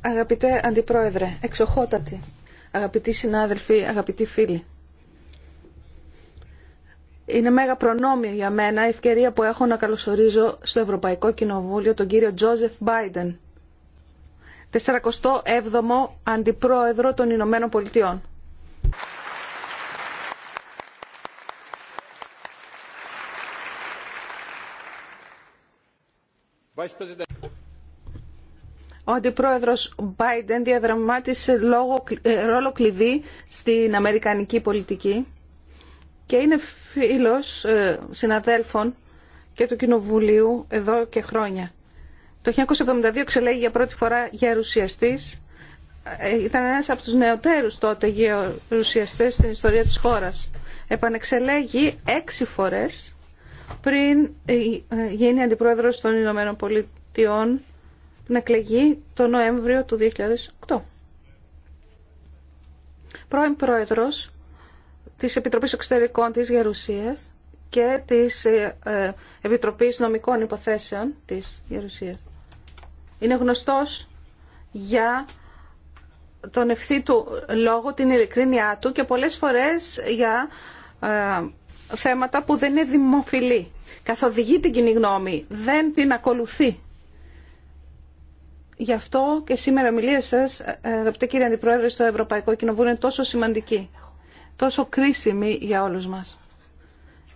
Αγαπητέ Αντιπρόεδρε, εξοχότατη, αγαπητοί συνάδελφοι, αγαπητοί φίλοι. Είναι μέγα προνόμιο για μένα η ευκαιρία που έχω να καλωσορίζω στο Ευρωπαϊκό Κοινοβούλιο τον κύριο Τζόζεφ Μπάιντεν, 47ο Αντιπρόεδρο των Ηνωμένων Πολιτειών. Ο αντιπρόεδρος Biden διαδραμάτισε ε, ρόλο κλειδί στην αμερικανική πολιτική και είναι φίλος ε, συναδέλφων και του Κοινοβουλίου εδώ και χρόνια. Το 1972 εξελέγει για πρώτη φορά γερουσιαστής. Ε, ήταν ένας από τους νεοτέρους τότε γερουσιαστές στην ιστορία της χώρας. Επανεξελέγει έξι φορές πριν ε, ε, γίνει αντιπρόεδρος των Ηνωμένων Πολιτειών να κλεγεί το Νοέμβριο του 2008. Πρώην πρόεδρος της Επιτροπής Εξωτερικών της Γερουσίας και της ε, Επιτροπής Νομικών Υποθέσεων της Γερουσίας. Είναι γνωστός για τον ευθύ του λόγο, την ειλικρίνειά του και πολλές φορές για θέματα που δεν είναι δημοφιλή. Καθοδηγεί την κοινή γνώμη, δεν την ακολουθεί. Γι' αυτό και σήμερα η μιλία σα, αγαπητέ κύριε Αντιπρόεδρε, στο Ευρωπαϊκό Κοινοβούλιο είναι τόσο σημαντική, τόσο κρίσιμη για όλους μας.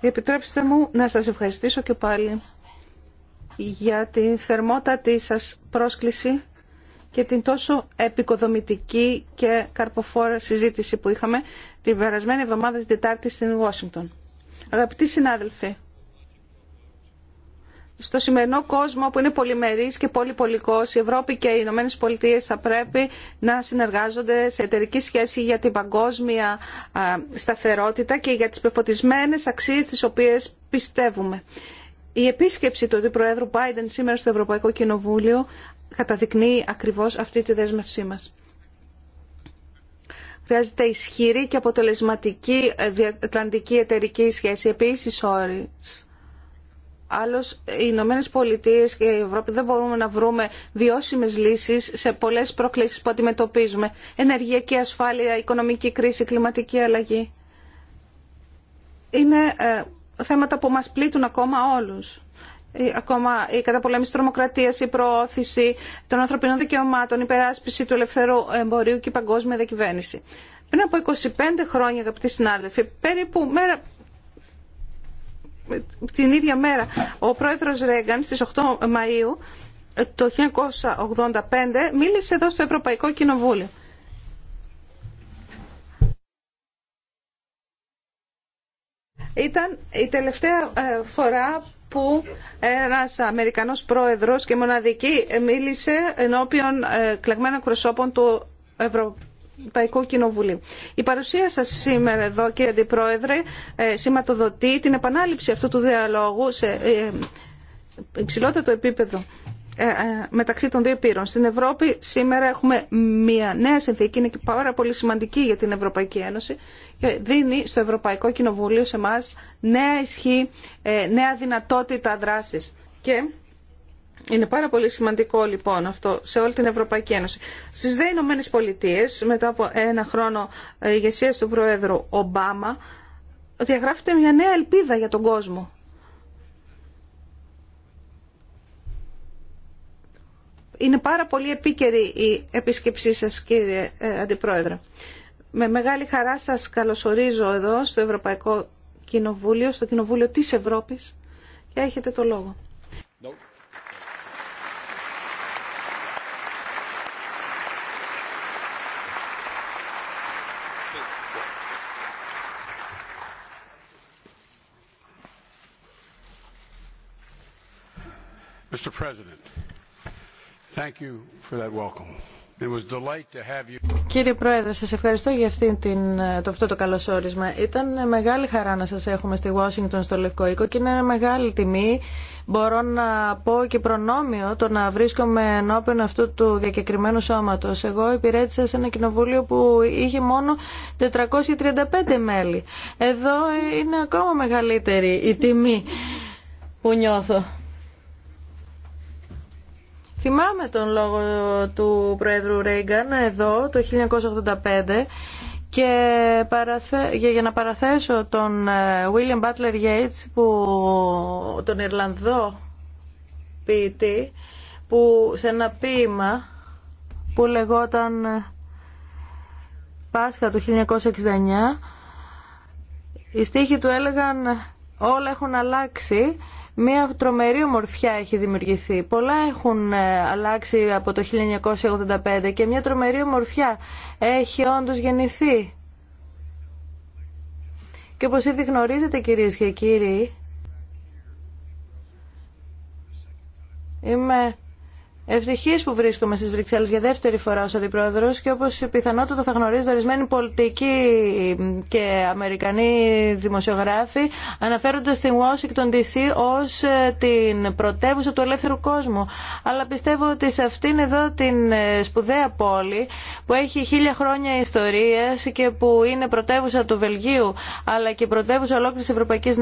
Επιτρέψτε μου να σας ευχαριστήσω και πάλι για την θερμότατη σας πρόσκληση και την τόσο επικοδομητική και καρποφόρα συζήτηση που είχαμε την περασμένη εβδομάδα την Τετάρτη στην Ουάσιγκτον. Αγαπητοί συνάδελφοι, στο σημερινό κόσμο που είναι πολυμερής και πολυπολικός, η Ευρώπη και οι Ηνωμένε Πολιτείε θα πρέπει να συνεργάζονται σε εταιρική σχέση για την παγκόσμια σταθερότητα και για τις πεφωτισμένες αξίες τις οποίες πιστεύουμε. Η επίσκεψη του Προέδρου Biden σήμερα στο Ευρωπαϊκό Κοινοβούλιο καταδεικνύει ακριβώς αυτή τη δέσμευσή μας. Χρειάζεται ισχυρή και αποτελεσματική ε, διατλαντική εταιρική σχέση, επίσης όρη. Άλλω, οι Ηνωμένε Πολιτείε και η Ευρώπη δεν μπορούμε να βρούμε βιώσιμε λύσει σε πολλέ προκλήσει που αντιμετωπίζουμε. Ενεργειακή ασφάλεια, οικονομική κρίση, κλιματική αλλαγή. Είναι ε, θέματα που μα πλήττουν ακόμα όλου ακόμα η καταπολέμηση τρομοκρατίας, η προώθηση των ανθρωπινών δικαιωμάτων, η περάσπιση του ελευθερού εμπορίου και η παγκόσμια διακυβέρνηση. Πριν από 25 χρόνια, αγαπητοί συνάδελφοι, περίπου μέρα, την ίδια μέρα, ο πρόεδρος Ρέγκαν στις 8 Μαΐου ε, το 1985 μίλησε εδώ στο Ευρωπαϊκό Κοινοβούλιο. Ήταν η τελευταία ε, φορά που ένας Αμερικανός πρόεδρος και μοναδική μίλησε ενώπιον ε, κλεγμένων προσώπων του Ευρωπαϊκού Κοινοβουλίου. Η παρουσία σας σήμερα εδώ κύριε Αντιπρόεδρε ε, σηματοδοτεί την επανάληψη αυτού του διαλόγου σε ε, υψηλότερο επίπεδο μεταξύ των δύο πύρων. Στην Ευρώπη σήμερα έχουμε μια νέα συνθήκη, είναι και πάρα πολύ σημαντική για την Ευρωπαϊκή Ένωση δίνει στο Ευρωπαϊκό Κοινοβούλιο σε εμά νέα ισχύ, ε, νέα δυνατότητα δράση. Και είναι πάρα πολύ σημαντικό λοιπόν αυτό σε όλη την Ευρωπαϊκή Ένωση. Στι ΔΕ Ηνωμένε μετά από ένα χρόνο ε, ηγεσία του Προέδρου Ομπάμα, διαγράφεται μια νέα ελπίδα για τον κόσμο. Είναι πάρα πολύ επίκαιρη η επίσκεψή σας κύριε ε, Αντιπρόεδρε. Με μεγάλη χαρά σας καλωσορίζω εδώ στο Ευρωπαϊκό Κοινοβούλιο, στο Κοινοβούλιο της Ευρώπης και έχετε το λόγο. Mr. President, thank you for that welcome. Κύριε Πρόεδρε, σας ευχαριστώ για αυτή την, το, αυτό το καλωσόρισμα. Ήταν μεγάλη χαρά να σας έχουμε στη Washington στο Λευκό Οίκο και είναι μεγάλη τιμή. Μπορώ να πω και προνόμιο το να βρίσκομαι ενώπιον αυτού του διακεκριμένου σώματος. Εγώ υπηρέτησα σε ένα κοινοβούλιο που είχε μόνο 435 μέλη. Εδώ είναι ακόμα μεγαλύτερη η τιμή που νιώθω. Θυμάμαι τον λόγο του Προέδρου Ρέγκαν εδώ το 1985 και για να παραθέσω τον ε, William Butler Yeats, που, τον Ιρλανδό ποιητή, που σε ένα ποίημα που λεγόταν ε, Πάσχα του 1969, οι στίχοι του έλεγαν «Όλα έχουν αλλάξει, Μία τρομερή ομορφιά έχει δημιουργηθεί. Πολλά έχουν ε, αλλάξει από το 1985 και μια τρομερή ομορφιά έχει όντως γεννηθεί. Και όπως ήδη γνωρίζετε κυρίες και κύριοι, είμαι Ευτυχή που βρίσκομαι στι Βρυξέλλε για δεύτερη φορά ω αντιπρόεδρος και όπως πιθανότατα θα γνωρίζετε ορισμένοι πολιτικοί και αμερικανοί δημοσιογράφοι αναφέροντας την Washington DC ως ε, την πρωτεύουσα του ελεύθερου κόσμου. Αλλά πιστεύω ότι σε αυτήν εδώ την ε, σπουδαία πόλη που έχει χίλια χρόνια ιστορία και που είναι πρωτεύουσα του Βελγίου αλλά και πρωτεύουσα ολόκληρης Ευρωπαϊκή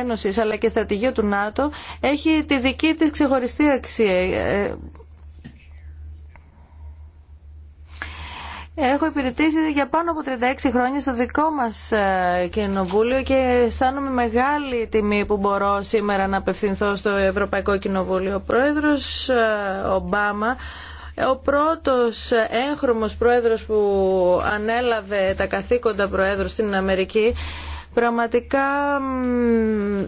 Ένωση, αλλά και στρατηγείο του ΝΑΤΟ έχει τη δική τη ξεχωριστή αξία ε, Έχω υπηρετήσει για πάνω από 36 χρόνια στο δικό μας ε, κοινοβούλιο και αισθάνομαι μεγάλη τιμή που μπορώ σήμερα να απευθυνθώ στο Ευρωπαϊκό Κοινοβούλιο. Ο πρόεδρος ε, Ομπάμα ο πρώτος έγχρωμος πρόεδρος που ανέλαβε τα καθήκοντα πρόεδρου στην Αμερική Πραγματικά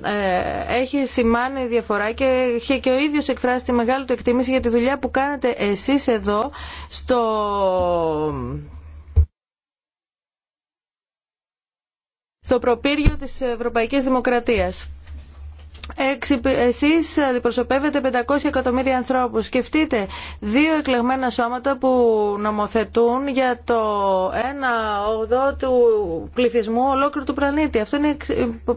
ε, έχει σημάνει διαφορά και, και ο ίδιος εκφράσει τη μεγάλη του εκτίμηση για τη δουλειά που κάνετε εσείς εδώ στο... στο προπύργιο της Ευρωπαϊκής Δημοκρατίας. Εσείς αντιπροσωπεύετε 500 εκατομμύρια ανθρώπους. Σκεφτείτε δύο εκλεγμένα σώματα που νομοθετούν για το ένα οδό του πληθυσμού ολόκληρου του πλανήτη. Αυτό είναι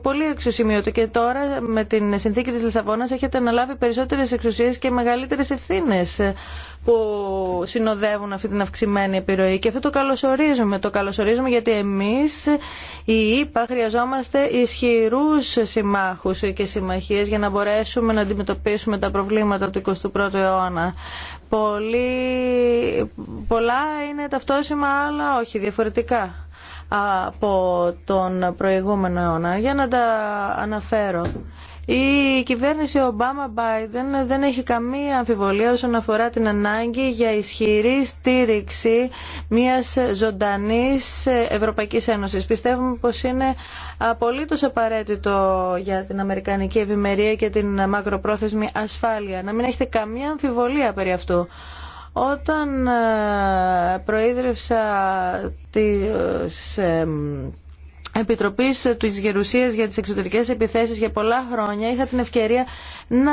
πολύ εξωσημείωτο και τώρα με την συνθήκη της Λισαβόνας έχετε αναλάβει περισσότερες εξουσίες και μεγαλύτερες ευθύνες που συνοδεύουν αυτή την αυξημένη επιρροή. Και αυτό το καλωσορίζουμε. Το καλωσορίζουμε γιατί εμείς οι ΙΠΑ χρειαζόμαστε ισχυρούς συμμάχους και για να μπορέσουμε να αντιμετωπίσουμε τα προβλήματα του 21ου αιώνα. Πολύ... Πολλά είναι ταυτόσημα, αλλά όχι διαφορετικά από τον προηγούμενο αιώνα. Για να τα αναφέρω. Η κυβερνηση ομπαμα Ομπάμα-Μπάιντεν δεν έχει καμία αμφιβολία όσον αφορά την ανάγκη για ισχυρή στήριξη μιας ζωντανής Ευρωπαϊκής Ένωσης. Πιστεύουμε πως είναι απολύτως απαραίτητο για την Αμερικανική ευημερία και την μακροπρόθεσμη ασφάλεια. Να μην έχετε καμία αμφιβολία περί αυτού. Όταν ε, προείδρευσα τις ε, Επιτροπή τη Γερουσία για τις Εξωτερικές Επιθέσεις για πολλά χρόνια είχα την ευκαιρία να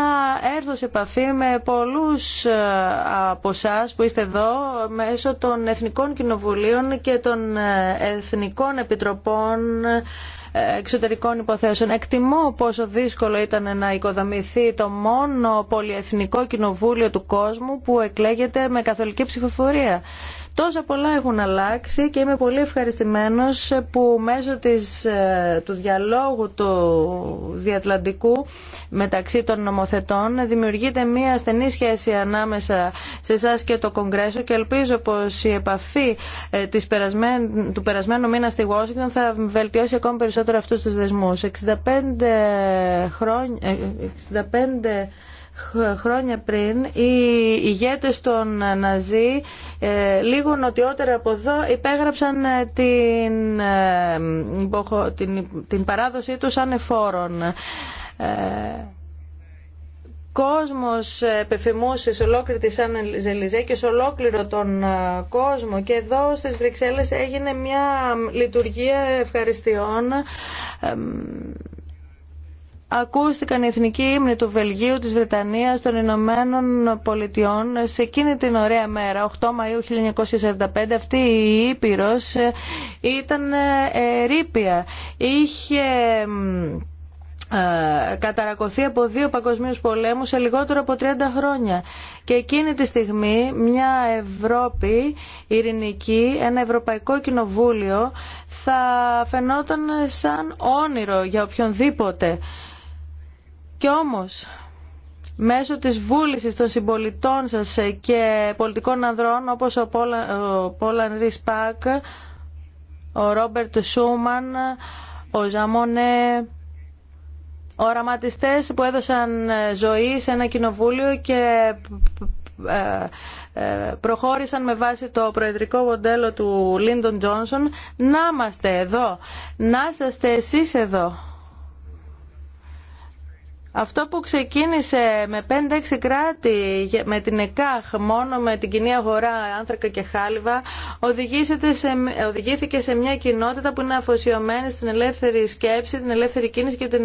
έρθω σε επαφή με πολλούς ε, από εσά που είστε εδώ μέσω των Εθνικών Κοινοβουλίων και των ε, Εθνικών Επιτροπών ε, εξωτερικών υποθέσεων. Εκτιμώ πόσο δύσκολο ήταν να οικοδομηθεί το μόνο πολυεθνικό κοινοβούλιο του κόσμου που εκλέγεται με καθολική ψηφοφορία. Τόσα πολλά έχουν αλλάξει και είμαι πολύ ευχαριστημένος που μέσω της, ε, του διαλόγου του διατλαντικού μεταξύ των νομοθετών δημιουργείται μια στενή σχέση ανάμεσα σε εσά και το Κογκρέσο και ελπίζω πως η επαφή ε, της του περασμένου μήνα στη Washington θα βελτιώσει ακόμη περισσότερο αυτούς τους δεσμούς. 65 χρόνια... 65 ε, χρόνια πριν οι ηγέτες των Ναζί ε, λίγο νοτιότερα από εδώ υπέγραψαν ε, την, ε, την, την παράδοσή τους ανεφόρων. Κόσμος επεφημούσε σε ολόκληρη τη Σαν Ζελιζέ και σε ολόκληρο τον κόσμο και εδώ στις Βρυξέλλες έγινε μια λειτουργία ευχαριστειών ακούστηκαν οι εθνικοί ύμνοι του Βελγίου, της Βρετανίας, των Ηνωμένων Πολιτειών σε εκείνη την ωραία μέρα, 8 Μαΐου 1945, αυτή η Ήπειρος ε, ήταν ε, ρήπια. Είχε ε, καταρακωθεί από δύο παγκοσμίους πολέμους σε λιγότερο από 30 χρόνια. Και εκείνη τη στιγμή μια Ευρώπη ειρηνική, ένα Ευρωπαϊκό Κοινοβούλιο θα φαινόταν σαν όνειρο για οποιονδήποτε. Κι όμως, μέσω της βούλησης των συμπολιτών σας και πολιτικών ανδρών όπως ο Πόλαν Ρισπάκ, ο Ρόμπερτ Σούμαν, ο Ζαμόνε, οραματιστές που έδωσαν ζωή σε ένα κοινοβούλιο και ε, ε, προχώρησαν με βάση το προεδρικό μοντέλο του Λίντον Τζόνσον να είμαστε εδώ, να είστε εσείς εδώ. Αυτό που ξεκίνησε με 5-6 κράτη, με την ΕΚΑΧ, μόνο με την κοινή αγορά άνθρακα και χάλιβα, σε, οδηγήθηκε σε μια κοινότητα που είναι αφοσιωμένη στην ελεύθερη σκέψη, την ελεύθερη κίνηση και, την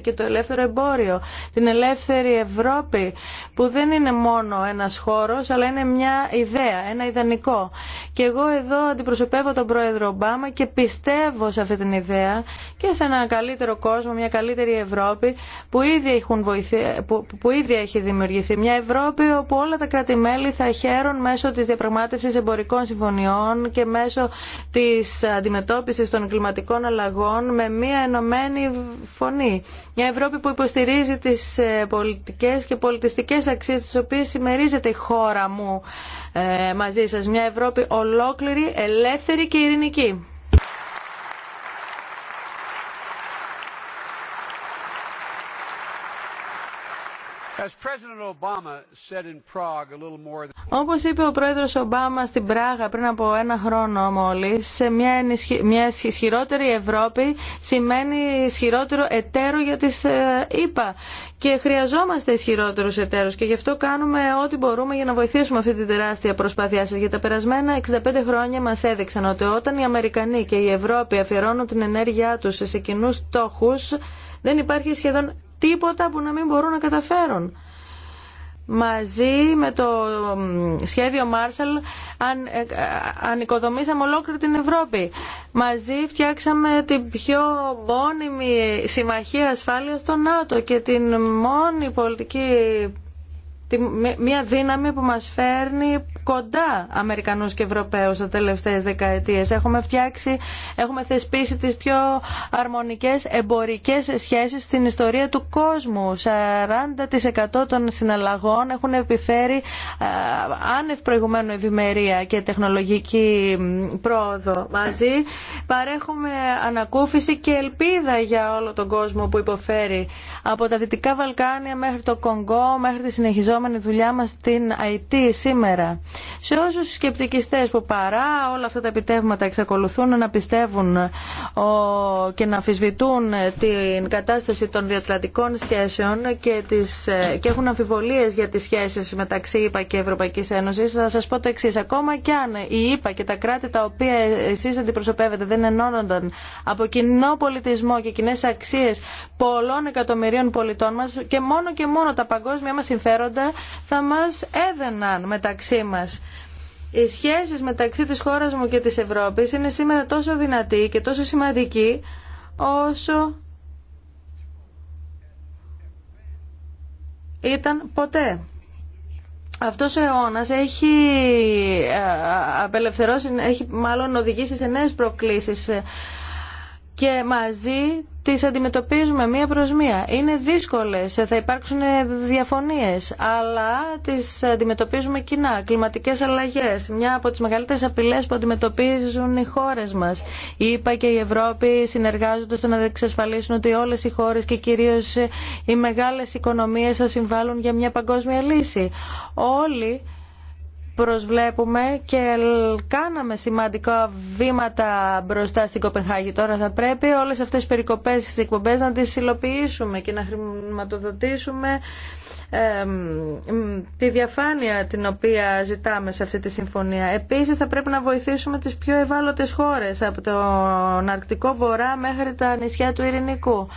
και το ελεύθερο εμπόριο. Την ελεύθερη Ευρώπη, που δεν είναι μόνο ένας χώρος, αλλά είναι μια ιδέα, ένα ιδανικό. Και εγώ εδώ αντιπροσωπεύω τον πρόεδρο Ομπάμα και πιστεύω σε αυτή την ιδέα και σε ένα καλύτερο κόσμο, μια καλύτερη Ευρώπη, που ήδη, έχουν βοηθεί, που, που ήδη έχει δημιουργηθεί. Μια Ευρώπη όπου όλα τα κράτη-μέλη θα χαίρουν μέσω της διαπραγμάτευσης εμπορικών συμφωνιών και μέσω της αντιμετώπισης των κλιματικών αλλαγών με μια ενωμένη φωνή. Μια Ευρώπη που υποστηρίζει τις ε, πολιτικές και πολιτιστικές αξίες τις οποίες συμμερίζεται η χώρα μου ε, μαζί σας. Μια Ευρώπη ολόκληρη, ελεύθερη και ειρηνική. Όπως είπε ο πρόεδρος Ομπάμα στην Πράγα πριν από ένα χρόνο μόλις, σε μια, ενισχυ... μια ισχυρότερη Ευρώπη σημαίνει ισχυρότερο εταίρο για τις ε, ΗΠΑ και χρειαζόμαστε ισχυρότερους εταίρους και γι' αυτό κάνουμε ό,τι μπορούμε για να βοηθήσουμε αυτή την τεράστια προσπάθειά σας. Για τα περασμένα 65 χρόνια μας έδειξαν ότι όταν οι Αμερικανοί και η Ευρώπη αφιερώνουν την ενέργειά τους σε κοινού στόχους, δεν υπάρχει σχεδόν τίποτα που να μην μπορούν να καταφέρουν. Μαζί με το σχέδιο Μάρσαλ αν, ε, ολόκληρη την Ευρώπη. Μαζί φτιάξαμε την πιο μόνιμη συμμαχία ασφάλειας στο ΝΑΤΟ και την μόνη πολιτική μια δύναμη που μας φέρνει κοντά Αμερικανούς και Ευρωπαίους τα τελευταίες δεκαετίες. Έχουμε φτιάξει, έχουμε θεσπίσει τις πιο αρμονικές εμπορικές σχέσεις στην ιστορία του κόσμου. 40% των συναλλαγών έχουν επιφέρει άνευ προηγουμένου ευημερία και τεχνολογική πρόοδο. Μαζί παρέχουμε ανακούφιση και ελπίδα για όλο τον κόσμο που υποφέρει από τα Δυτικά Βαλκάνια μέχρι το Κονγκό, μέχρι τη λεγόμενη δουλειά μας στην IT σήμερα. Σε όσους σκεπτικιστές που παρά όλα αυτά τα επιτεύγματα εξακολουθούν να πιστεύουν και να αμφισβητούν την κατάσταση των διατλαντικών σχέσεων και, τις, ε, και έχουν αμφιβολίες για τις σχέσεις μεταξύ ΙΠΑ και Ευρωπαϊκής Ένωσης, θα σας πω το εξή. Ακόμα και αν η ΙΠΑ και τα κράτη τα οποία εσείς αντιπροσωπεύετε δεν ενώνονταν από κοινό πολιτισμό και κοινέ αξίες πολλών εκατομμυρίων πολιτών μας και μόνο και μόνο τα παγκόσμια μας συμφέροντα θα μας έδαιναν μεταξύ μας. Οι σχέσεις μεταξύ της χώρας μου και της Ευρώπης είναι σήμερα τόσο δυνατή και τόσο σημαντική όσο ήταν ποτέ. Αυτό ο αιώνας έχει ε, απελευθερώσει, έχει μάλλον οδηγήσει σε νέες προκλήσεις και μαζί τις αντιμετωπίζουμε μία προς μία. Είναι δύσκολες, θα υπάρξουν διαφωνίες, αλλά τις αντιμετωπίζουμε κοινά. Κλιματικές αλλαγές, μια από τις μεγαλύτερες απειλές που αντιμετωπίζουν οι χώρες μας. Η και η Ευρώπη συνεργάζονται ώστε να εξασφαλίσουν ότι όλες οι χώρες και κυρίως οι μεγάλες οικονομίες θα συμβάλλουν για μια παγκόσμια λύση. Όλοι προσβλέπουμε και κάναμε σημαντικά βήματα μπροστά στην Κοπενχάγη. Τώρα θα πρέπει όλες αυτές τις περικοπές στις εκπομπές να τις υλοποιήσουμε και να χρηματοδοτήσουμε τη διαφάνεια την οποία ζητάμε σε αυτή τη συμφωνία. Επίσης θα πρέπει να βοηθήσουμε τις πιο ευάλωτες χώρες από τον Αρκτικό Βορρά μέχρι τα νησιά του Ειρηνικού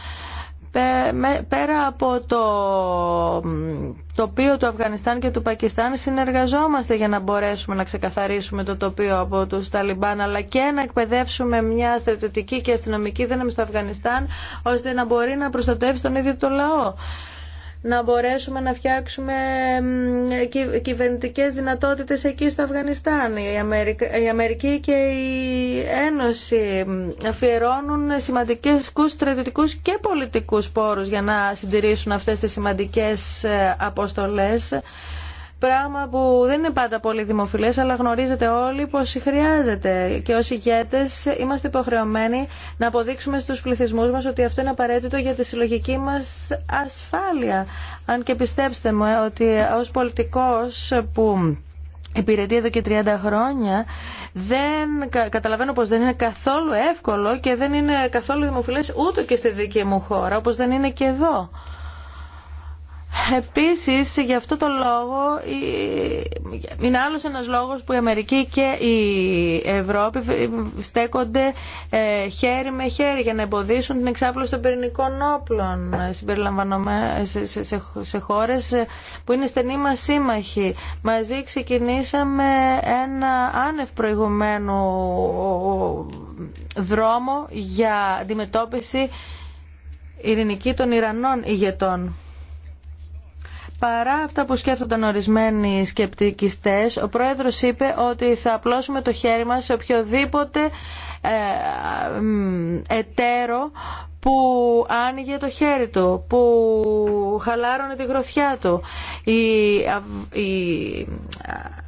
πέρα από το τοπίο του Αφγανιστάν και του Πακιστάν συνεργαζόμαστε για να μπορέσουμε να ξεκαθαρίσουμε το τοπίο από τους Ταλιμπάν αλλά και να εκπαιδεύσουμε μια στρατιωτική και αστυνομική δύναμη στο Αφγανιστάν ώστε να μπορεί να προστατεύσει τον ίδιο το λαό να μπορέσουμε να φτιάξουμε κυβερνητικές δυνατότητες εκεί στο Αφγανιστάν. Η Αμερική και η Ένωση αφιερώνουν σημαντικούς στρατιωτικούς και πολιτικούς πόρους για να συντηρήσουν αυτές τις σημαντικές ε, αποστολές. Πράγμα που δεν είναι πάντα πολύ δημοφιλέ, αλλά γνωρίζετε όλοι πω χρειάζεται. Και ω ηγέτε είμαστε υποχρεωμένοι να αποδείξουμε στου πληθυσμού μα ότι αυτό είναι απαραίτητο για τη συλλογική μα ασφάλεια. Αν και πιστέψτε μου ε, ότι ω πολιτικό που υπηρετεί εδώ και 30 χρόνια δεν, καταλαβαίνω πως δεν είναι καθόλου εύκολο και δεν είναι καθόλου δημοφιλές ούτε και στη δική μου χώρα όπως δεν είναι και εδώ. Επίσης, γι' αυτό το λόγο, είναι άλλος ένας λόγος που η Αμερική και η Ευρώπη στέκονται ε, χέρι με χέρι για να εμποδίσουν την εξάπλωση των πυρηνικών όπλων ε, σε χώρες ε, που είναι στενή μα σύμμαχοι. Μαζί ξεκινήσαμε ένα άνευ προηγουμένου δρόμο για αντιμετώπιση ειρηνική των Ιρανών ηγετών. Παρά αυτά που σκέφτονταν ορισμένοι σκεπτικιστές, ο πρόεδρος είπε ότι θα απλώσουμε το χέρι μα σε οποιοδήποτε ε, εταίρο που άνοιγε το χέρι του, που χαλάρωνε τη γροθιά του. Η, η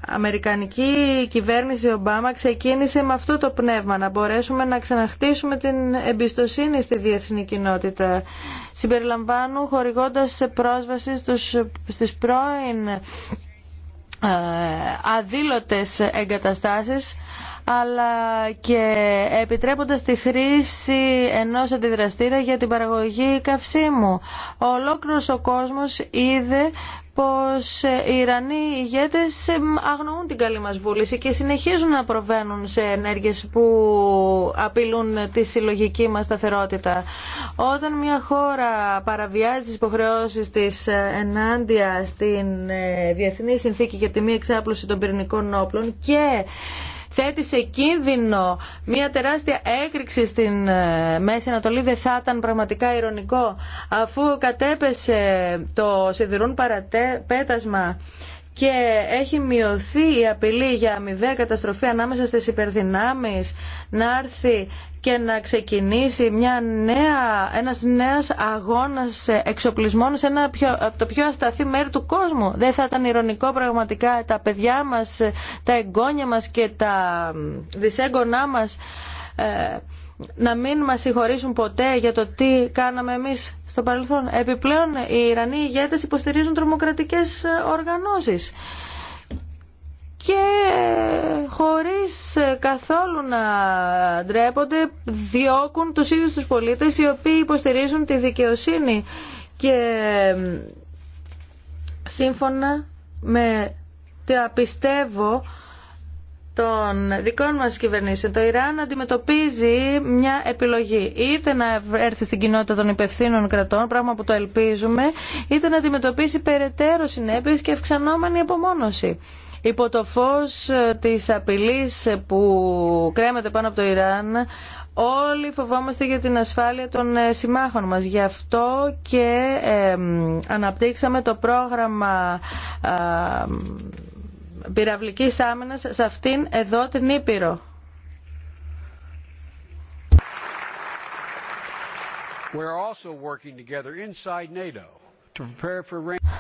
αμερικανική κυβέρνηση Ομπάμα ξεκίνησε με αυτό το πνεύμα, να μπορέσουμε να ξαναχτίσουμε την εμπιστοσύνη στη διεθνή κοινότητα συμπεριλαμβάνουν χορηγώντας πρόσβαση στους, στις πρώην ε, αδήλωτες εγκαταστάσεις αλλά και επιτρέποντας τη χρήση ενός αντιδραστήρα για την παραγωγή καυσίμου. Ολόκληρος ο κόσμος είδε πως οι Ιρανοί ηγέτες αγνοούν την καλή μας βούληση και συνεχίζουν να προβαίνουν σε ενέργειες που απειλούν τη συλλογική μας σταθερότητα. Όταν μια χώρα παραβιάζει τις υποχρεώσεις της ενάντια στην ε, Διεθνή Συνθήκη για τη Μη Εξάπλωση των Πυρηνικών Όπλων και θέτει σε κίνδυνο μια τεράστια έκρηξη στην ε, Μέση Ανατολή δεν θα ήταν πραγματικά ηρωνικό αφού κατέπεσε το σιδηρούν παραπέτασμα και έχει μειωθεί η απειλή για αμοιβαία καταστροφή ανάμεσα στις υπερδυνάμεις να έρθει και να ξεκινήσει μια νέα, ένας νέας αγώνας εξοπλισμών σε ένα από το πιο ασταθή μέρη του κόσμου. Δεν θα ήταν ηρωνικό πραγματικά τα παιδιά μας, τα εγγόνια μας και τα δυσέγγονά μας ε, να μην μας συγχωρήσουν ποτέ για το τι κάναμε εμείς στο παρελθόν. Επιπλέον, οι Ιρανοί ηγέτες υποστηρίζουν τρομοκρατικές ε, οργανώσεις και χωρίς καθόλου να ντρέπονται διώκουν τους ίδιους τους πολίτες οι οποίοι υποστηρίζουν τη δικαιοσύνη και σύμφωνα με το απιστεύω των δικών μας κυβερνήσεων. Το Ιράν αντιμετωπίζει μια επιλογή. Είτε να έρθει στην κοινότητα των υπευθύνων κρατών, πράγμα που το ελπίζουμε, είτε να αντιμετωπίσει περαιτέρω συνέπειες και αυξανόμενη απομόνωση υπό το φως ε, της απειλής που κρέμεται πάνω από το Ιράν Όλοι φοβόμαστε για την ασφάλεια των ε, συμμάχων μας. Γι' αυτό και αναπτύξαμε το πρόγραμμα πυραυλικής άμυνας σε αυτήν εδώ την Ήπειρο. We're also working together inside NATO.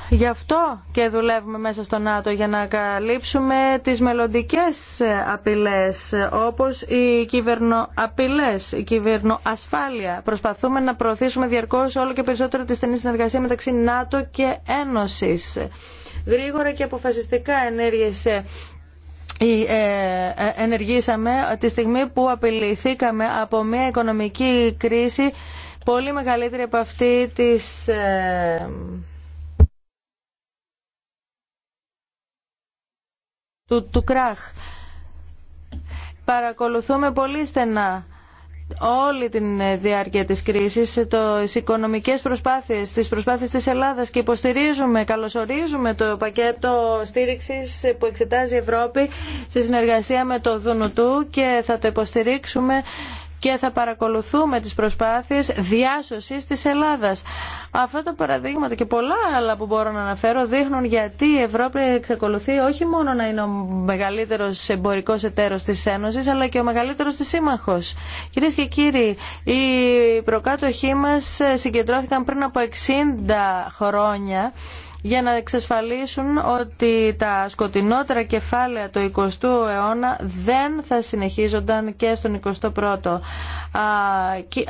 Γι' αυτό και δουλεύουμε μέσα στο ΝΑΤΟ για να καλύψουμε τις μελλοντικές απειλές όπως οι κυβερνοαπειλές, η κυβερνοασφάλεια. Προσπαθούμε να προωθήσουμε διαρκώς όλο και περισσότερο τη στενή συνεργασία μεταξύ ΝΑΤΟ και Ένωσης. Γρήγορα και αποφασιστικά ε, ε, ενεργήσαμε τη στιγμή που απειληθήκαμε από μια οικονομική κρίση πολύ μεγαλύτερη από αυτή της ε, του, κράχ. Παρακολουθούμε πολύ στενά όλη την διάρκεια της κρίσης, τις οικονομικές προσπάθειες, τις προσπάθειες της Ελλάδας και υποστηρίζουμε, καλωσορίζουμε το πακέτο στήριξης που εξετάζει η Ευρώπη στη συνεργασία με το ΔΝΤ και θα το υποστηρίξουμε και θα παρακολουθούμε τις προσπάθειες διάσωσης της Ελλάδας. Αυτά τα παραδείγματα και πολλά άλλα που μπορώ να αναφέρω δείχνουν γιατί η Ευρώπη εξακολουθεί όχι μόνο να είναι ο μεγαλύτερος εμπορικός εταίρος της Ένωσης αλλά και ο μεγαλύτερος της σύμμαχος. Κυρίες και κύριοι, οι προκάτοχοί μας συγκεντρώθηκαν πριν από 60 χρόνια για να εξασφαλίσουν ότι τα σκοτεινότερα κεφάλαια του 20ου αιώνα δεν θα συνεχίζονταν και στον 21ο.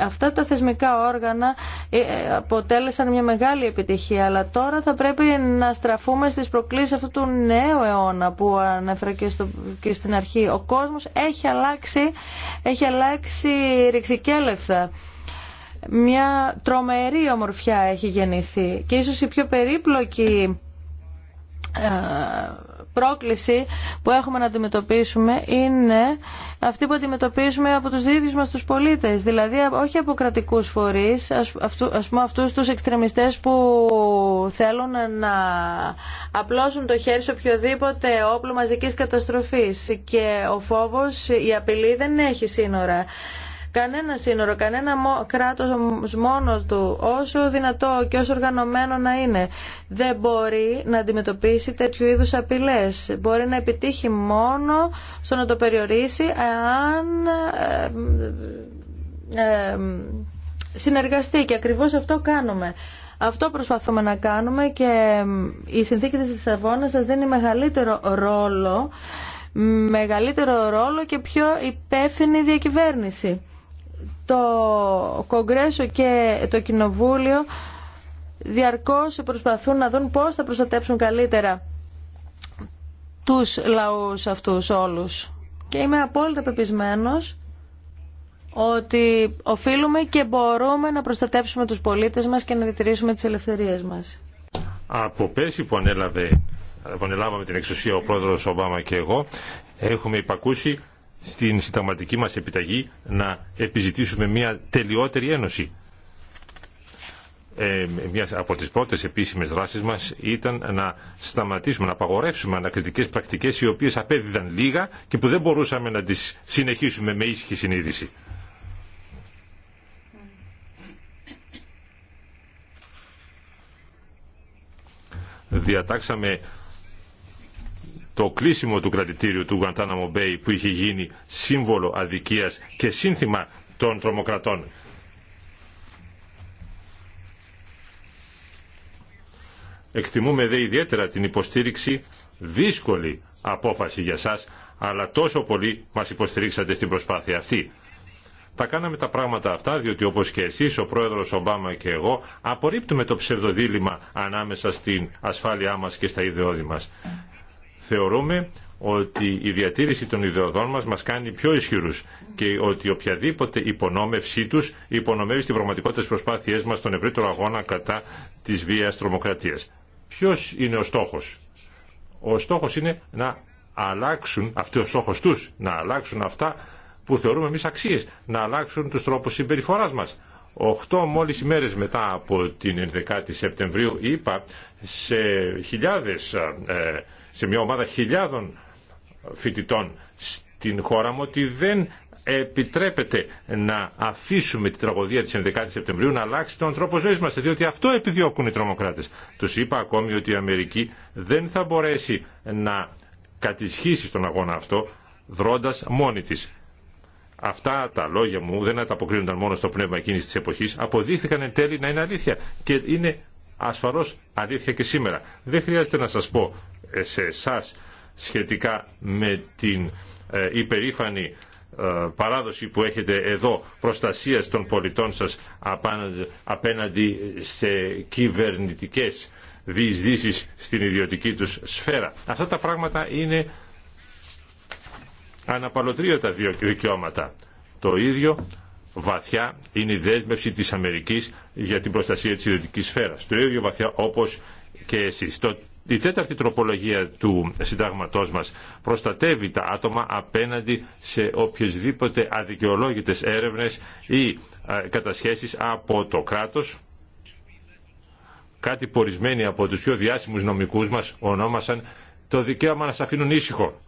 Αυτά τα θεσμικά όργανα ε, ε, αποτέλεσαν μια μεγάλη επιτυχία, αλλά τώρα θα πρέπει να στραφούμε στις προκλήσεις αυτού του νέου αιώνα που ανέφερα και, στο, και στην αρχή. Ο κόσμος έχει αλλάξει, έχει αλλάξει ρηξικέλευθα μια τρομερή ομορφιά έχει γεννηθεί και ίσως η πιο περίπλοκη ε, πρόκληση που έχουμε να αντιμετωπίσουμε είναι αυτή που αντιμετωπίζουμε από τους ίδιους μας τους πολίτες. Δηλαδή όχι από κρατικούς φορείς, ας πούμε αυτούς τους εξτρεμιστές που θέλουν να απλώσουν το χέρι σε οποιοδήποτε όπλο μαζικής καταστροφής. Και ο φόβος, η απειλή δεν έχει σύνορα. Κανένα σύνορο, κανένα κράτος μόνος του, όσο δυνατό και όσο οργανωμένο να είναι, δεν μπορεί να αντιμετωπίσει τέτοιου είδους απειλές. Μπορεί να επιτύχει μόνο στο να το περιορίσει αν ε, ε, ε, συνεργαστεί και ακριβώς αυτό κάνουμε. Αυτό προσπαθούμε να κάνουμε και η συνθήκη της Λισαβόνα σας δίνει μεγαλύτερο ρόλο, μεγαλύτερο ρόλο και πιο υπεύθυνη διακυβέρνηση το Κογκρέσο και το Κοινοβούλιο διαρκώς προσπαθούν να δουν πώς θα προστατέψουν καλύτερα τους λαούς αυτούς όλους. Και είμαι απόλυτα πεπισμένος ότι οφείλουμε και μπορούμε να προστατέψουμε τους πολίτες μας και να διατηρήσουμε τις ελευθερίες μας. Από πέρσι που ανέλαβε, που ανέλαβαμε την εξουσία ο πρόεδρος Ομπάμα και εγώ, έχουμε υπακούσει στην συνταγματική μας επιταγή να επιζητήσουμε μια τελειότερη ένωση. Ε, μια από τις πρώτες επίσημες δράσεις μας ήταν να σταματήσουμε, να απαγορεύσουμε ανακριτικές πρακτικές οι οποίες απέδιδαν λίγα και που δεν μπορούσαμε να τις συνεχίσουμε με ήσυχη συνείδηση. Διατάξαμε το κλείσιμο του κρατητήριου του Γκαντάναμο Μπέι που είχε γίνει σύμβολο αδικίας και σύνθημα των τρομοκρατών. Εκτιμούμε δε ιδιαίτερα την υποστήριξη δύσκολη απόφαση για σας, αλλά τόσο πολύ μας υποστηρίξατε στην προσπάθεια αυτή. Τα κάναμε τα πράγματα αυτά διότι όπως και εσείς, ο πρόεδρος Ομπάμα και εγώ απορρίπτουμε το ψευδοδήλημα ανάμεσα στην ασφάλειά μας και στα ιδεώδη μας θεωρούμε ότι η διατήρηση των ιδεωδών μας μας κάνει πιο ισχυρούς και ότι οποιαδήποτε υπονόμευσή τους υπονομεύει στην πραγματικότητα τις προσπάθειές μας στον ευρύτερο αγώνα κατά της βίας τρομοκρατίας. Ποιος είναι ο στόχος? Ο στόχος είναι να αλλάξουν, αυτό ο στόχος τους, να αλλάξουν αυτά που θεωρούμε εμείς αξίες, να αλλάξουν τους τρόπους συμπεριφοράς μας. Οχτώ μόλις ημέρες μετά από την 11η Σεπτεμβρίου είπα σε χιλιάδες ε, σε μια ομάδα χιλιάδων φοιτητών στην χώρα μου ότι δεν επιτρέπεται να αφήσουμε την τραγωδία της 11 η Σεπτεμβρίου να αλλάξει τον τρόπο ζωής μας, διότι αυτό επιδιώκουν οι τρομοκράτες. Τους είπα ακόμη ότι η Αμερική δεν θα μπορέσει να κατησχίσει στον αγώνα αυτό δρώντας μόνη της. Αυτά τα λόγια μου δεν ανταποκρίνονταν μόνο στο πνεύμα εκείνης της εποχής, αποδείχθηκαν εν τέλει να είναι αλήθεια και είναι ασφαλώς αλήθεια και σήμερα. Δεν χρειάζεται να σας πω σε εσά σχετικά με την ε, υπερήφανη ε, παράδοση που έχετε εδώ προστασίας των πολιτών σας απέναντι σε κυβερνητικές διεισδύσεις στην ιδιωτική τους σφαίρα. Αυτά τα πράγματα είναι αναπαλωτρίωτα δικαιώματα. Το ίδιο βαθιά είναι η δέσμευση της Αμερικής για την προστασία της ιδιωτικής σφαίρας. Το ίδιο βαθιά όπως και εσείς. Η τέταρτη τροπολογία του συντάγματό μα προστατεύει τα άτομα απέναντι σε οποιασδήποτε αδικαιολόγητε έρευνε ή ε, κατασχέσει από το κράτο, κάτι που ορισμένοι από του πιο διάσημους νομικού μα ονόμασαν το δικαίωμα να σε αφήνουν ήσυχο.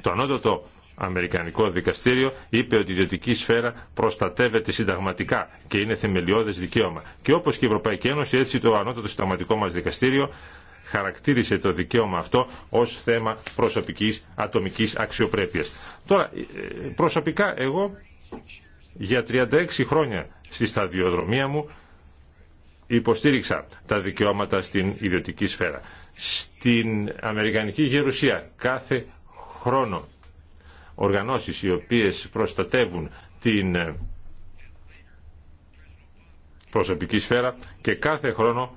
Το ανώτατο Αμερικανικό Δικαστήριο είπε ότι η ιδιωτική σφαίρα προστατεύεται συνταγματικά και είναι θεμελιώδες δικαίωμα. Και όπως και η Ευρωπαϊκή Ένωση, έτσι το ανώτατο συνταγματικό μας δικαστήριο χαρακτήρισε το δικαίωμα αυτό ως θέμα προσωπικής ατομικής αξιοπρέπειας. Τώρα, ε, προσωπικά εγώ για 36 χρόνια στη σταδιοδρομία μου υποστήριξα τα δικαιώματα στην ιδιωτική σφαίρα. Στην Αμερικανική Γερουσία κάθε χρόνο οργανώσεις οι οποίες προστατεύουν την ε, προσωπική σφαίρα και κάθε χρόνο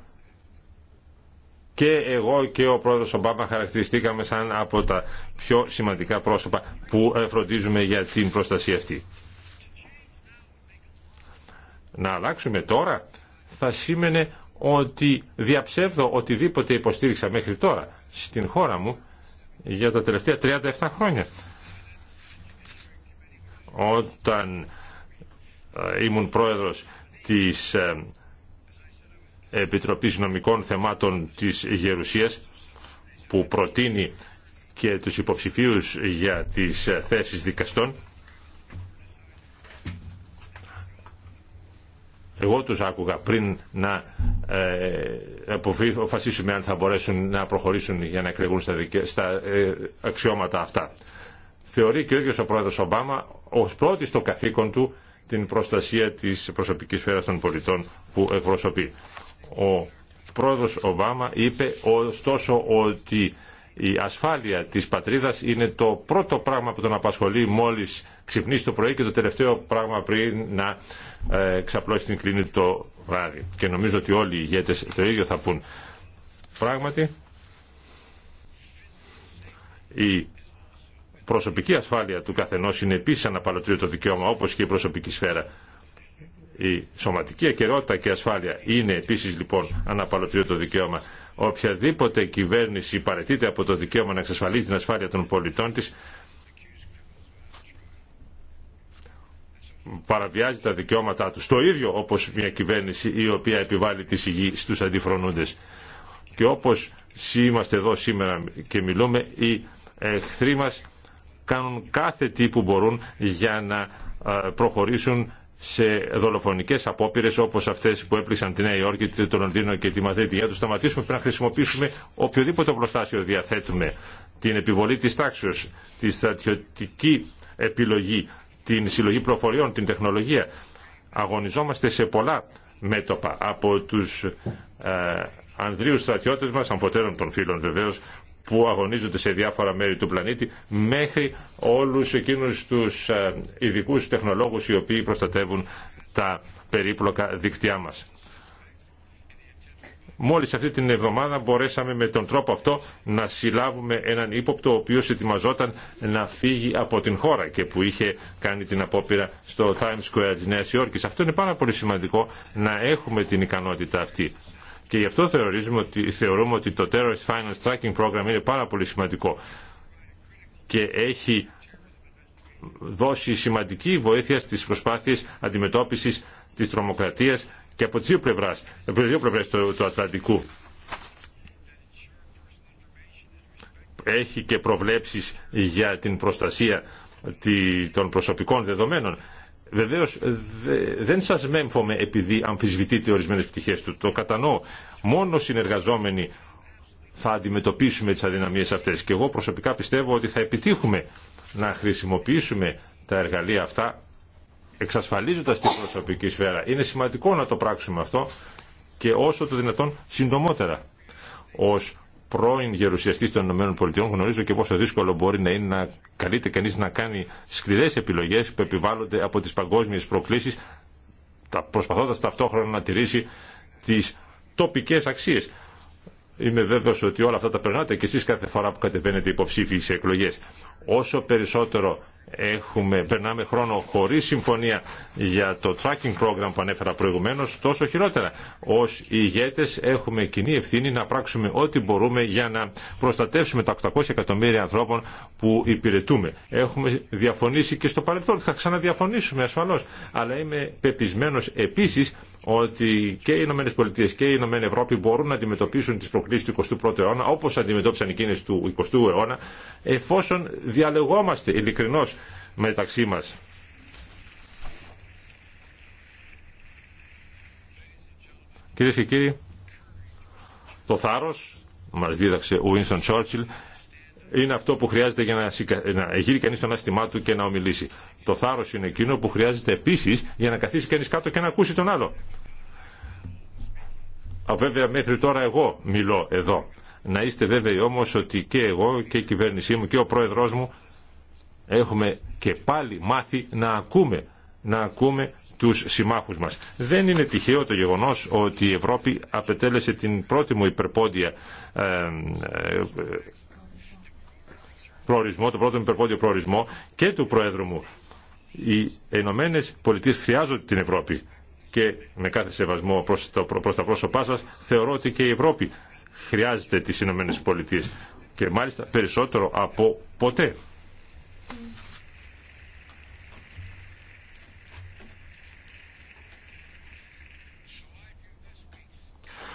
και εγώ και ο πρόεδρος Ομπάμα χαρακτηριστήκαμε σαν από τα πιο σημαντικά πρόσωπα που ε, φροντίζουμε για την προστασία αυτή. Να αλλάξουμε τώρα θα σήμαινε ότι διαψεύδω οτιδήποτε υποστήριξα μέχρι τώρα στην χώρα μου για τα τελευταία 37 χρόνια. Όταν ε, ήμουν πρόεδρος της ε, Επιτροπής Νομικών Θεμάτων της Γερουσίας που προτείνει και τους υποψηφίους για τις θέσεις δικαστών. Εγώ τους άκουγα πριν να ε, αποφασίσουμε αν θα μπορέσουν να προχωρήσουν για να εκλεγούν στα ε, αξιώματα αυτά. Θεωρεί και ο ίδιος ο πρόεδρος Ομπάμα ως πρώτη στο καθήκον του την προστασία της προσωπικής σφαίρας των πολιτών που εκπροσωπεί. Ο πρόεδρος Ομπάμα είπε ωστόσο ότι η ασφάλεια της πατρίδας είναι το πρώτο πράγμα που τον απασχολεί μόλις ξυπνήσει το πρωί και το τελευταίο πράγμα πριν να ε, ξαπλώσει την κλίνη το βράδυ. Και νομίζω ότι όλοι οι ηγέτες το ίδιο θα πούν. Πράγματι, η προσωπική ασφάλεια του καθενός είναι επίσης αναπαλωτρίο το δικαίωμα όπως και η προσωπική σφαίρα. Η σωματική ακαιρότητα και ασφάλεια είναι επίσης λοιπόν το δικαίωμα. Οποιαδήποτε κυβέρνηση παρετείται από το δικαίωμα να εξασφαλίζει την ασφάλεια των πολιτών της παραβιάζει τα δικαιώματά του. Το ίδιο όπως μια κυβέρνηση η οποία επιβάλλει τη σιγή στους αντιφρονούντες. Και όπως είμαστε εδώ σήμερα και μιλούμε, οι εχθροί μας κάνουν κάθε τι που μπορούν για να ε, προχωρήσουν σε δολοφονικέ απόπειρε όπως αυτές που έπληξαν τη Νέα Υόρκη, το Λονδίνο και τη Μαδρίτη. Για να το σταματήσουμε πρέπει να χρησιμοποιήσουμε οποιοδήποτε προστάσιο διαθέτουμε. Την επιβολή της τάξεω, τη στρατιωτική επιλογή, την συλλογή προφοριών, την τεχνολογία. Αγωνιζόμαστε σε πολλά μέτωπα από του ε, ανδρείους στρατιώτες μας, αμφωτέρων των φίλων βεβαίω που αγωνίζονται σε διάφορα μέρη του πλανήτη μέχρι όλους εκείνους τους ε, ειδικού τεχνολόγους οι οποίοι προστατεύουν τα περίπλοκα δίκτυά μας. Μόλις αυτή την εβδομάδα μπορέσαμε με τον τρόπο αυτό να συλλάβουμε έναν ύποπτο ο οποίος ετοιμαζόταν να φύγει από την χώρα και που είχε κάνει την απόπειρα στο Times Square της Νέας Υόρκης. Αυτό είναι πάρα πολύ σημαντικό να έχουμε την ικανότητα αυτή. Και γι' αυτό θεωρούμε ότι, θεωρούμε ότι το Terrorist Finance Tracking Program είναι πάρα πολύ σημαντικό και έχει δώσει σημαντική βοήθεια στις προσπάθειες αντιμετώπισης της τρομοκρατίας και από τις δύο πλευρές, από τις δύο του, του Ατλαντικού. Έχει και προβλέψεις για την προστασία των προσωπικών δεδομένων Βεβαίω δεν σα μέμφωμαι επειδή αμφισβητείτε ορισμένε πτυχέ του. Το κατανοώ. Μόνο συνεργαζόμενοι θα αντιμετωπίσουμε τι αδυναμίε αυτέ. Και εγώ προσωπικά πιστεύω ότι θα επιτύχουμε να χρησιμοποιήσουμε τα εργαλεία αυτά εξασφαλίζοντας την προσωπική σφαίρα. Είναι σημαντικό να το πράξουμε αυτό και όσο το δυνατόν συντομότερα. Ως πρώην γερουσιαστή των ΗΠΑ γνωρίζω και πόσο δύσκολο μπορεί να είναι να καλείται κανεί να κάνει σκληρέ επιλογέ που επιβάλλονται από τι παγκόσμιες προκλήσει προσπαθώντα ταυτόχρονα να τηρήσει τι τοπικέ αξίε. Είμαι βέβαιο ότι όλα αυτά τα περνάτε και εσεί κάθε φορά που κατεβαίνετε υποψήφιοι σε εκλογέ. Όσο περισσότερο έχουμε, περνάμε χρόνο χωρίς συμφωνία για το tracking program που ανέφερα προηγουμένως, τόσο χειρότερα. Ως ηγέτες έχουμε κοινή ευθύνη να πράξουμε ό,τι μπορούμε για να προστατεύσουμε τα 800 εκατομμύρια ανθρώπων που υπηρετούμε. Έχουμε διαφωνήσει και στο παρελθόν, θα ξαναδιαφωνήσουμε ασφαλώς, αλλά είμαι πεπισμένος επίσης ότι και οι ΗΠΑ και η Ηνωμένη Ευρώπη μπορούν να αντιμετωπίσουν τι προκλήσει του 21ου αιώνα όπω αντιμετώπισαν εκείνε του 20ου αιώνα, εφόσον διαλεγόμαστε ειλικρινώς μεταξύ μας. Κύριε και κύριοι, το θάρρος, μας δίδαξε ο Winston Churchill, είναι αυτό που χρειάζεται για να γύρει κανείς τον άστημά του και να ομιλήσει. Το θάρρος είναι εκείνο που χρειάζεται επίσης για να καθίσει κανείς κάτω και να ακούσει τον άλλο. Βέβαια μέχρι τώρα εγώ μιλώ εδώ. Να είστε βέβαιοι όμως ότι και εγώ και η κυβέρνησή μου και ο πρόεδρός μου έχουμε και πάλι μάθει να ακούμε, να ακούμε τους συμμάχους μας. Δεν είναι τυχαίο το γεγονός ότι η Ευρώπη απετέλεσε την πρώτη μου υπερπόντια ε, ε, προορισμό, το πρώτο μου υπερπόντιο προορισμό και του Προέδρου μου. Οι Ηνωμένε Πολιτείε χρειάζονται την Ευρώπη και με κάθε σεβασμό προς, προς τα πρόσωπά σας θεωρώ ότι και η Ευρώπη χρειάζεται τις Ηνωμένες Πολιτείες και μάλιστα περισσότερο από ποτέ.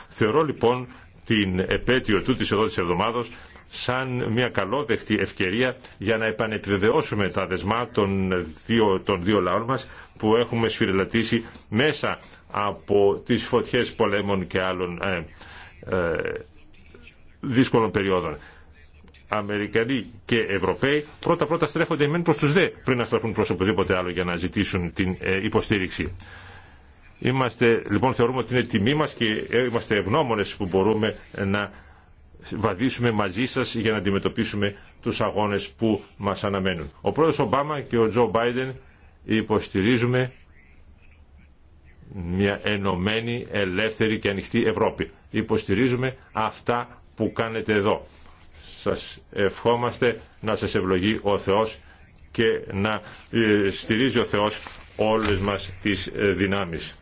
Θεωρώ λοιπόν την επέτειο τούτης εδώ της εβδομάδος σαν μια καλόδεκτη ευκαιρία για να επανεπιβεβαιώσουμε τα δεσμά των δύο, των δύο λαών μας που έχουμε σφυριλατήσει μέσα από τις φωτιές πολέμων και άλλων ε, ε, δύσκολων περιόδων. Αμερικανοί και Ευρωπαίοι πρώτα-πρώτα στρέφονται μεν προς τους δε πριν να στραφούν προς οπουδήποτε άλλο για να ζητήσουν την ε, υποστήριξη. Είμαστε, λοιπόν, θεωρούμε ότι είναι τιμή μας και ε, είμαστε ευγνώμονε που μπορούμε να βαδίσουμε μαζί σας για να αντιμετωπίσουμε τους αγώνες που μας αναμένουν. Ο πρόεδρος Ομπάμα και ο Τζο Μπάιντεν υποστηρίζουμε μια ενωμένη, ελεύθερη και ανοιχτή Ευρώπη υποστηρίζουμε αυτά που κάνετε εδώ. Σας ευχόμαστε να σας ευλογεί ο Θεός και να ε, στηρίζει ο Θεός όλες μας τις ε, δυνάμεις.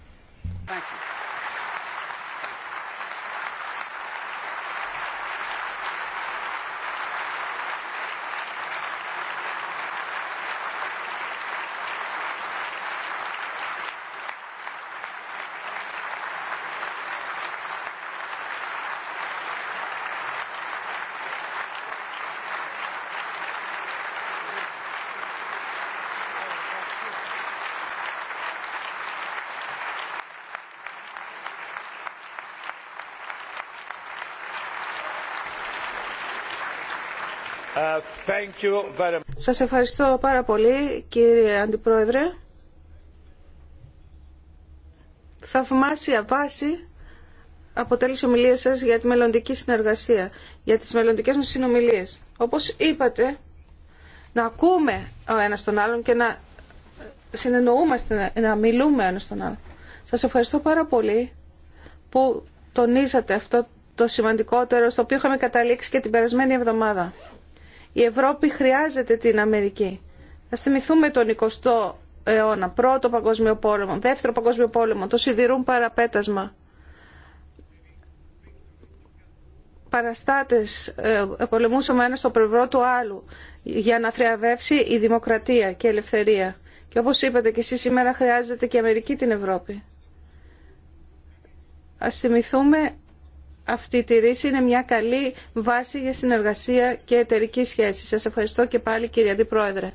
Σας ευχαριστώ πάρα πολύ κύριε Αντιπρόεδρε. Θαυμάσια βάση αποτέλεσε η ομιλία σας για τη μελλοντική συνεργασία, για τις μελλοντικές μας συνομιλίες. Όπως είπατε, να ακούμε ο ένας τον άλλον και να συνεννοούμαστε, να μιλούμε ο ένας τον άλλον. Σας ευχαριστώ πάρα πολύ που τονίσατε αυτό το σημαντικότερο στο οποίο είχαμε καταλήξει και την περασμένη εβδομάδα. Η Ευρώπη χρειάζεται την Αμερική. Να θυμηθούμε τον 20ο αιώνα, πρώτο παγκόσμιο πόλεμο, δεύτερο παγκόσμιο πόλεμο, το σιδηρούν παραπέτασμα. Παραστάτες ε, πολεμούσαμε ένα στο πλευρό του άλλου για να θριαβεύσει η δημοκρατία και η ελευθερία. Και όπως είπατε και εσείς σήμερα χρειάζεται και η Αμερική την Ευρώπη. Ας θυμηθούμε αυτή τη ρίση είναι μια καλή βάση για συνεργασία και εταιρική σχέση. Σας ευχαριστώ και πάλι κύριε Αντιπρόεδρε.